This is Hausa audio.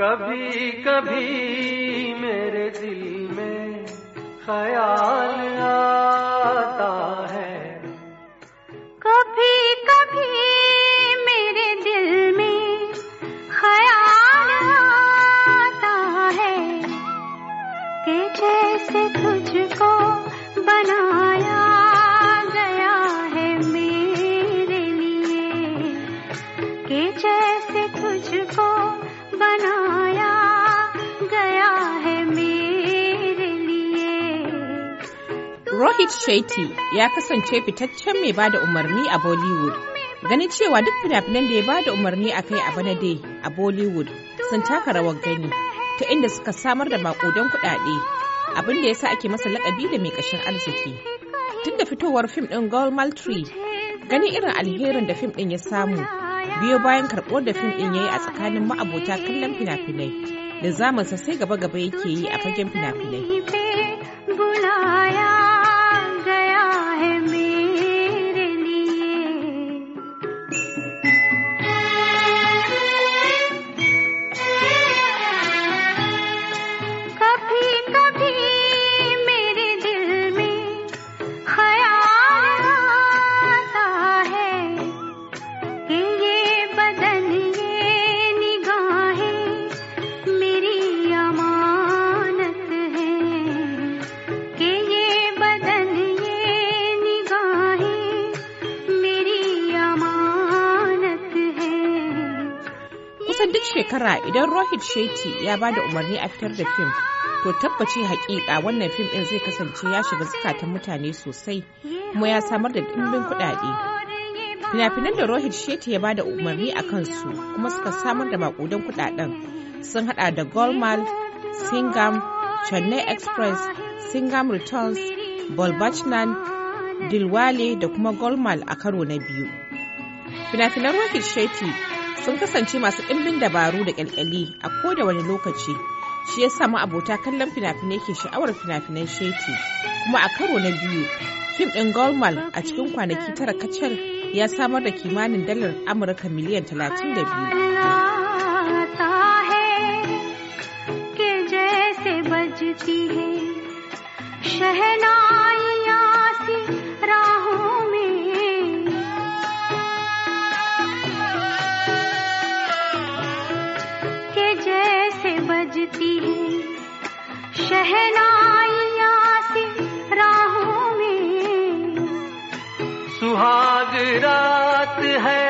कभी कभी मेरे दिल में ख्याल आता है कभी कभी मेरे दिल में ख्याल आता है कि जैसे तुझको बनाया गया है मेरे लिए कि जैसे तुझको बना Rohit Shetty ya kasance fitaccen mai bada umarni a Bollywood. Ganin cewa duk fina-finan da ya bada umarni a kai a bana dai a Bollywood sun taka rawar gani ta inda suka samar da makudan kudade abin da sa ake masa lakabi da mai kashin arziki. Tun da fitowar fim ɗin Gold Maltry, ganin irin alherin da fim ɗin ya samu biyo bayan karɓo da fim ɗin ya yi a tsakanin ma'abota kallon fina-finai da zamansa sai gaba-gaba yake yi a fagen fina-finai. kusan duk shekara idan rohit shetty ya ba da umarni a fitar da fim to tabbaci hakika wannan fim ɗin zai kasance ya shiga zukatan mutane sosai kuma ya samar da dimbin kuɗaɗe. fina-finan da rohit shetty ya ba da umarni a kansu kuma suka samar da maƙudan kuɗaɗen sun haɗa da golmal singam chennai express singam returns bolbachnan dilwale da kuma golmal a karo na biyu fina-finan rohit shetty sun kasance masu ɗimbin dabaru da ƙyalƙyali a koda wani lokaci shi ya sa abota kallon fina-finai ke sha'awar fina-finan sheti kuma a karo na biyu fim ɗin golmal a cikin kwanaki tara kacal ya samar da kimanin dalar amurka miliyan 32 बजती सजती है शहनाइया से राहों में सुहाग रात है